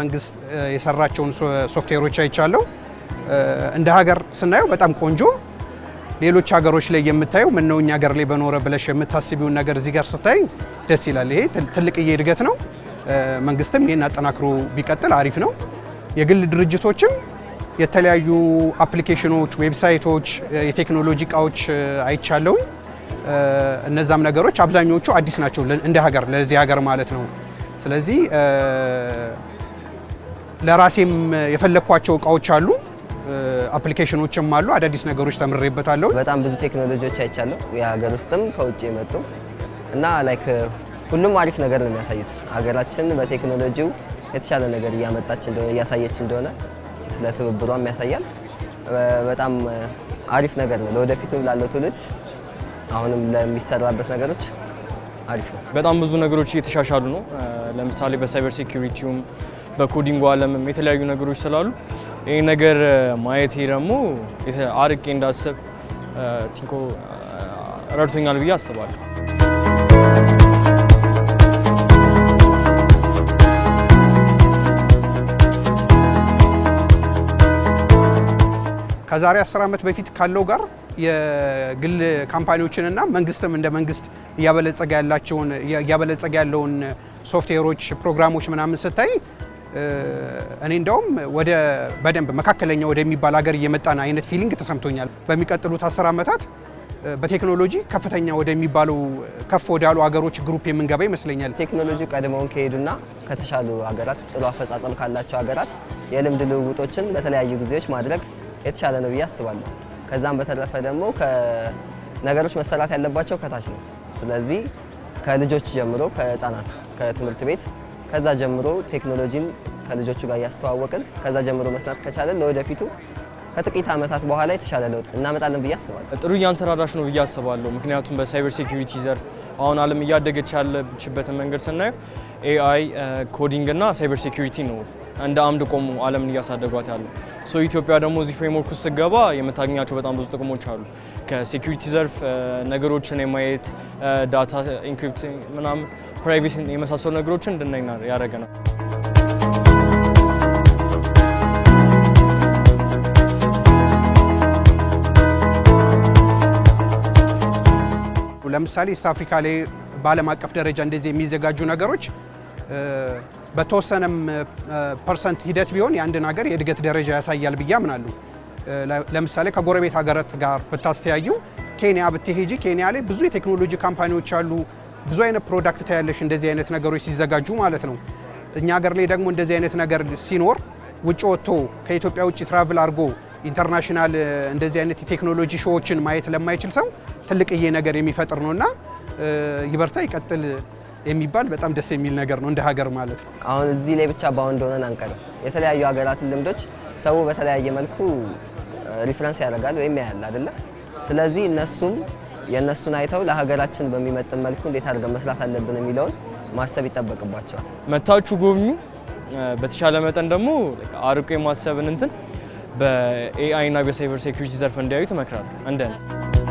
መንግስት የሰራቸውን ሶፍትዌሮች አይቻለሁ። እንደ ሀገር ስናየው በጣም ቆንጆ ሌሎች ሀገሮች ላይ የምታየው ምነው እኛ ሀገር ላይ በኖረ ብለሽ የምታስቢውን ነገር እዚህ ጋር ስታይ ደስ ይላል። ይሄ ትልቅዬ እድገት ነው። መንግስትም ይህን አጠናክሮ ቢቀጥል አሪፍ ነው። የግል ድርጅቶችም የተለያዩ አፕሊኬሽኖች፣ ዌብሳይቶች፣ የቴክኖሎጂ እቃዎች አይቻለውኝ። እነዛም ነገሮች አብዛኞቹ አዲስ ናቸው እንደ ሀገር ለዚህ ሀገር ማለት ነው። ስለዚህ ለራሴም የፈለግኳቸው እቃዎች አሉ፣ አፕሊኬሽኖችም አሉ። አዳዲስ ነገሮች ተምሬበታለሁ። በጣም ብዙ ቴክኖሎጂዎች አይቻለሁ፣ የሀገር ውስጥም ከውጭ የመጡ እና ላይክ ሁሉም አሪፍ ነገር ነው የሚያሳዩት። ሀገራችን በቴክኖሎጂው የተሻለ ነገር እያመጣች እንደሆነ እያሳየች እንደሆነ ስለ ትብብሯም ያሳያል። በጣም አሪፍ ነገር ነው ለወደፊቱ ላለው ትውልድ አሁንም ለሚሰራበት ነገሮች አሪፍ ነው። በጣም ብዙ ነገሮች እየተሻሻሉ ነው። ለምሳሌ በሳይበር ሴኩሪቲውም በኮዲንጎ አለምም የተለያዩ ነገሮች ስላሉ ይህ ነገር ማየቴ ደግሞ አርቄ እንዳስብ ቲንኮ ረድቶኛል ብዬ አስባለሁ። ከዛሬ 10 ዓመት በፊት ካለው ጋር የግል ካምፓኒዎችንና መንግስትም እንደ መንግስት እያበለጸገ ያላቸውን እያበለጸገ ያለውን ሶፍትዌሮች፣ ፕሮግራሞች ምናምን ስታይ እኔ እንደውም ወደ በደንብ መካከለኛ ወደሚባል ሀገር እየመጣን አይነት ፊሊንግ ተሰምቶኛል። በሚቀጥሉት አስር ዓመታት በቴክኖሎጂ ከፍተኛ ወደሚባሉ ከፍ ወዳሉ ሀገሮች ግሩፕ የምንገባ ይመስለኛል። ቴክኖሎጂ ቀድመውን ከሄዱና ከተሻሉ ሀገራት ጥሩ አፈጻጸም ካላቸው ሀገራት የልምድ ልውውጦችን በተለያዩ ጊዜዎች ማድረግ የተሻለ ነው ብዬ አስባለሁ። ከዛም በተረፈ ደግሞ ነገሮች መሰራት ያለባቸው ከታች ነው። ስለዚህ ከልጆች ጀምሮ ከህፃናት ከትምህርት ቤት ከዛ ጀምሮ ቴክኖሎጂን ከልጆቹ ጋር እያስተዋወቅን ከዛ ጀምሮ መስናት ከቻለን ለወደፊቱ ከጥቂት ዓመታት በኋላ የተሻለ ለውጥ እናመጣለን ብዬ አስባለሁ። ጥሩ እያንሰራራሽ ነው ብዬ አስባለሁ። ምክንያቱም በሳይበር ሴኩሪቲ ዘርፍ አሁን ዓለም እያደገች ያለችበትን መንገድ ስናየው ኤአይ፣ ኮዲንግ እና ሳይበር ሴኩሪቲ ነው እንደ አምድ ቆሙ ዓለምን እያሳደጓት ያሉ። ሶ ኢትዮጵያ ደግሞ እዚህ ፍሬምወርክ ውስጥ ስገባ የምታገኛቸው በጣም ብዙ ጥቅሞች አሉ። ከሴኩሪቲ ዘርፍ ነገሮችን የማየት ዳታ ኢንክሪፕት ምናምን፣ ፕራይቬሲ የመሳሰሉ ነገሮችን እንድናይ ያደረገናል። ለምሳሌ ኢስት አፍሪካ ላይ በዓለም አቀፍ ደረጃ እንደዚህ የሚዘጋጁ ነገሮች በተወሰነም ፐርሰንት ሂደት ቢሆን የአንድን ሀገር የእድገት ደረጃ ያሳያል ብዬ አምናለሁ። ለምሳሌ ከጎረቤት ሀገራት ጋር ብታስተያዩ ኬንያ ብትሄጂ ኬንያ ላይ ብዙ የቴክኖሎጂ ካምፓኒዎች አሉ። ብዙ አይነት ፕሮዳክት ታያለሽ፣ እንደዚህ አይነት ነገሮች ሲዘጋጁ ማለት ነው። እኛ ሀገር ላይ ደግሞ እንደዚህ አይነት ነገር ሲኖር ውጭ ወጥቶ ከኢትዮጵያ ውጭ ትራቭል አድርጎ ኢንተርናሽናል እንደዚህ አይነት የቴክኖሎጂ ሾዎችን ማየት ለማይችል ሰው ትልቅዬ ነገር የሚፈጥር ነውና ይበርታ ይቀጥል። የሚባል በጣም ደስ የሚል ነገር ነው እንደ ሀገር ማለት ነው። አሁን እዚህ ላይ ብቻ ባውንድ እንደሆነን አንቀርም። የተለያዩ ሀገራትን ልምዶች ሰው በተለያየ መልኩ ሪፍረንስ ያደርጋል ወይም ያያል አይደለ? ስለዚህ እነሱም የእነሱን አይተው ለሀገራችን በሚመጥን መልኩ እንዴት አድርገን መስራት አለብን የሚለውን ማሰብ ይጠበቅባቸዋል። መታችሁ ጎብኙ። በተሻለ መጠን ደግሞ አርቆ የማሰብን እንትን በኤአይ እና በሳይበር ሴኩሪቲ ዘርፍ እንዲያዩ ትመክራለሁ እንደ